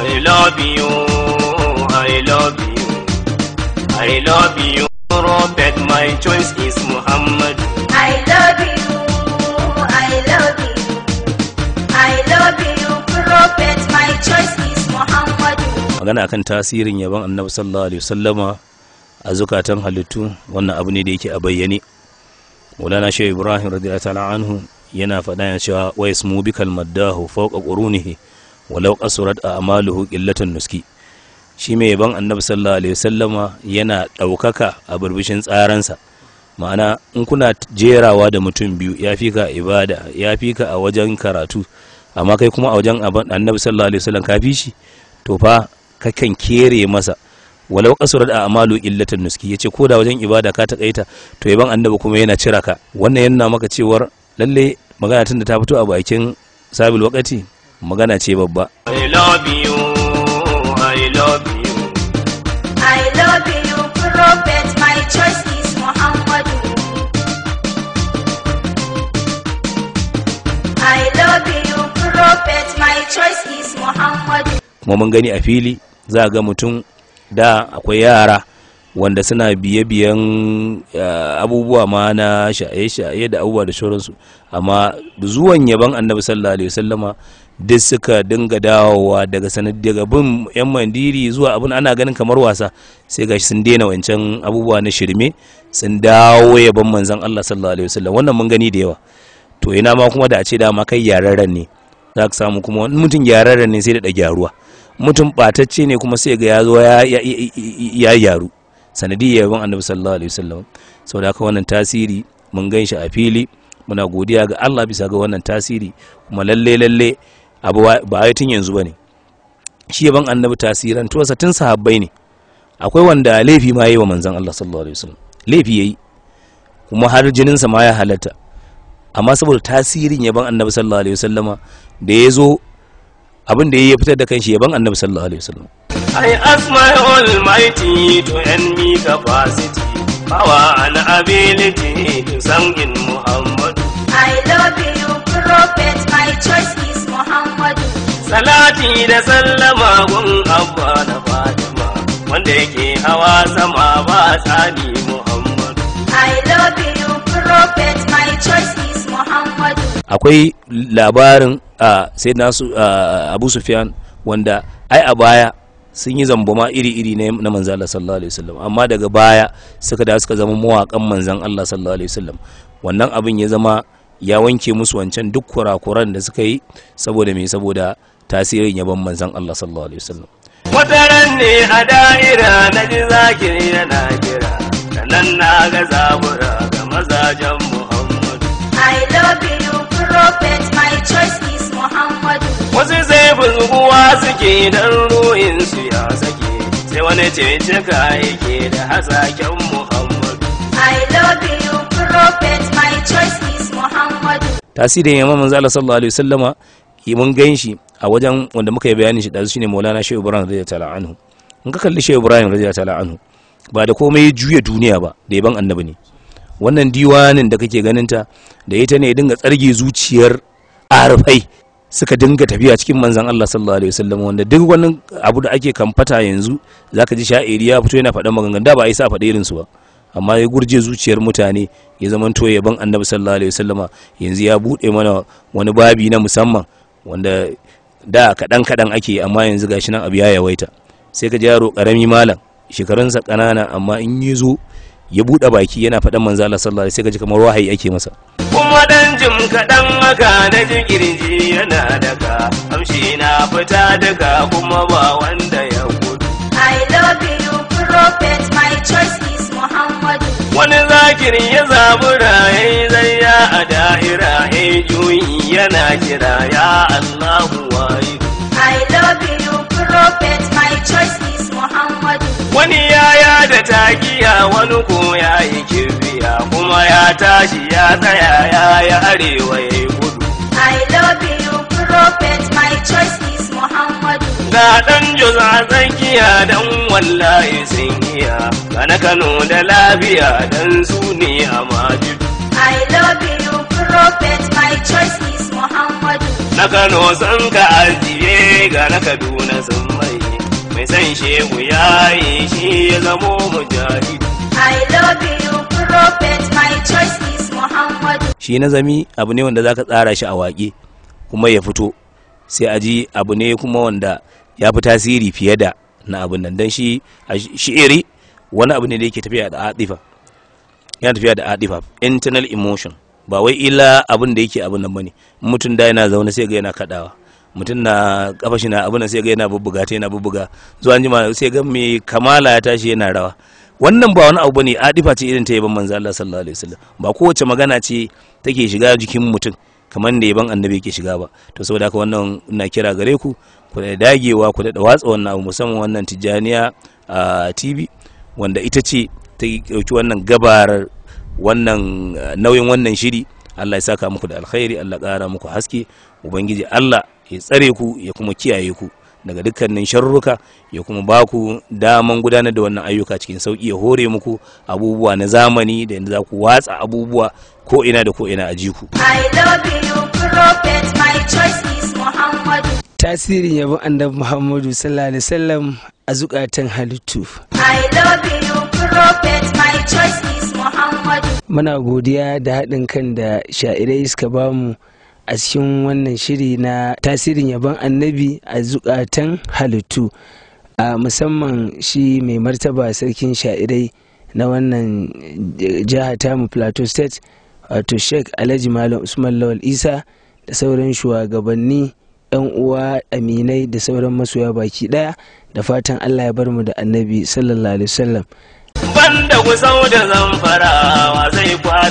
I love you, I love you, I love you, Robert, my choice is Muhammad. I love you, I love you, I love you, my choice is Magana akan tasirin yaban annabi sallallahu alaihi wasallama a zukatan halittu wannan abu ne da yake a bayyane. Wulana Shehu Ibrahim radiyallahu anhu yana faɗa cewa wa ismu bikal maddahu fawqa qurunihi walau a a'maluhu illatun nuski shi mai yaban annabi sallallahu alaihi wasallama yana daukaka a burbushin tsaransa ma'ana in kuna jerawa da mutum biyu ya fi ka ibada ya fi ka a wajen karatu amma kai kuma a wajen annabi sallallahu alaihi wasallam ka fi shi to fa kakan kere masa walau kasurat a amalu illatun nuski yace ko da wajen ibada ka takaita to yaban annabi kuma yana cira ka wannan yana maka cewar lalle magana tun da ta fito a bakin sabil wakati magana ce babba i love you i love you i love you prophet my choice is muhammadu i love you prophet my choice is muhammadu kuma mun gani a fili za ga mutum da akwai yara wanda suna biye-biyen eh, abubuwa ma na shaye-shaye da abubuwa da shoransu amma zuwan yaban annabi sallallahu alaihi wasallama duk suka dinga dawowa daga sanar daga bin yan mandiri zuwa abin ana ganin kamar wasa sai gashi sun daina wancan abubuwa na shirme sun dawo ya yaban manzon Allah sallallahu alaihi wasallam wannan mun gani da yawa to ina ma kuma da a ce dama kai yararren ne za ka samu kuma mutum yararren ne sai da gyaruwa mutum batacce ne kuma sai ga ya zo ya yaru sanadiyar yaban annabi sallallahu alaihi wasallam da haka wannan tasiri mun gan shi a fili muna godiya ga Allah bisa ga wannan tasiri kuma lalle lalle abu ba wai tun yanzu bane shi ban annabi tasirin tuwarsa tun sahabbai ne akwai wanda laifi ma yayi wa manzon Allah sallallahu alaihi wasallam laifi yayi kuma har jininsa ma ya halatta amma saboda tasirin yaban annabi sallallahu alaihi wasallama da ya zo abin da ya fitar da kanshi yaban annabi sallallahu alaihi wasallam I ask my almighty to end me capacity power and ability to sing in salati da sallama gun abba da fatima wanda yake hawa sama ba tsani muhammadu i love you prophet my choice is muhammadu akwai labarin a sai nasu abu sufyan wanda ai a baya sun yi zambama iri-iri na manzan Allah sallallahu alaihi wasallam amma daga baya suka da suka zama mawaƙan manzan Allah sallallahu alaihi wasallam wannan abin ya zama ya wanke musu wancan duk kurakuran da suka yi saboda me saboda tasirin yabon manzon Allah sallallahu alaihi wasallam wataran ne a da'ira na ji zakir yana kira da nan na ga zabura ga mazajen muhammadu i love you prophet my choice is muhammadu wasu sai bulguwa suke dan ruhin su ya sake sai wani ceceka yake da hasaken muhammadu i love you prophet my choice is muhammadu tasirin yamma manzo Allah sallallahu alaihi wasallama mun ganshi. a wajen wanda muka yi bayanin shi dazu shine Maulana Shehu Ibrahim radiyallahu ta'ala anhu in ka kalli Shehu Ibrahim radiyallahu ta'ala anhu ba da komai ya juya duniya ba da yaban annabi ne wannan diwanin da kake ganin ta da ita ne dinga tsarge zuciyar arfai suka dinga tafiya cikin manzan Allah sallallahu alaihi wasallam wanda duk wani abu da ake kamfata yanzu zaka ji sha'iri ya fito yana faɗan maganganun da ba a yi sa faɗa irin su ba amma ya gurje zuciyar mutane ya zaman to yaban annabi sallallahu alaihi wasallama yanzu ya buɗe mana wani babi na musamman wanda da kaɗan kaɗan ake amma yanzu gashi nan abu ya yawaita sai ka ji yaro ƙarami malam shekarunsa ƙanana amma in yi zo ya buɗe baki yana faɗan manzo Allah sallallahu alaihi sai ka ji kamar wahayi ake masa kuma dan jim kaɗan maka da jikirji yana daga amshi na fita daga kuma ba wanda ya gudu I love you prophet my choice is Muhammadu. wani zakirin ya zabi kira he juyi yana kira ya Allah wayo I love you prophet my choice is Muhammad wani yaya da tagiya wani ko yayi kirbiya kuma ya tashi ya tsaya ya yi arewa ya yi gudu I love you prophet my choice is Muhammad Na dan juza tsakiya dan wallahi sun iya kana Kano da lafiya dan su ne a majidu I love you prophet my choice is Muhammadu na Kano san ka ajiye ga na Kaduna sun mai mai san shehu yayi shi ya zamo mujahid I love you prophet my choice is Muhammadu shi na zami abu ne wanda zaka tsara shi a waƙe kuma ya fito sai a ji abu ne kuma wanda ya fi tasiri fiye da na abin nan don shi shi'iri wani abu ne da yake tafiya da adifa yana tafiya da adifa internal emotion ba wai ila abin da yake abin nan bane mutum da yana zaune sai ga yana kadawa mutum na kafashi shi na abin nan sai ga yana bubbuga ta yana bubbuga zuwa jima'a jima sai ga mai kamala ya tashi yana rawa wannan ba wani abu bane adifa ce irin ta yaban manzo Allah sallallahu alaihi wasallam ba kowace magana ce take shiga jikin mutum kamar da yaban annabi yake shiga ba to saboda haka wannan ina kira gare ku ku da dagewa ku da watsa wannan abu musamman wannan tijaniya a ah, TV wanda ita ce ta ɗauki wannan gabar wannan eh, nauyin wannan shiri Allah ya saka muku da alkhairi Allah ƙara muku haske ubangiji Allah ya tsare ku ya kuma kiyaye ku daga dukkanin sharruka ya kuma ba ku daman gudanar da wannan ayyuka cikin sauƙi ya hore muku abubuwa na zamani da yadda za ku watsa abubuwa ko ina da ko ina a jiku. Tasirin yabo annabi Muhammadu sallallahu alaihi wasallam a zukatan halittu. I love you prophet my choice is Muna godiya da haɗin kan da sha'irai suka bamu a cikin wannan shiri na tasirin yabon annabi a zukatan halittu a musamman shi mai martaba sarkin sha'irai na wannan jiha tamu plateau state wato sheikh alhaji malam usman lawal isa da sauran shugabanni yan uwa aminai da sauran masoya baki daya da fatan allah ya bar mu da annabi sallallahu alaihi wasallam banda gusau da zamfara wa zai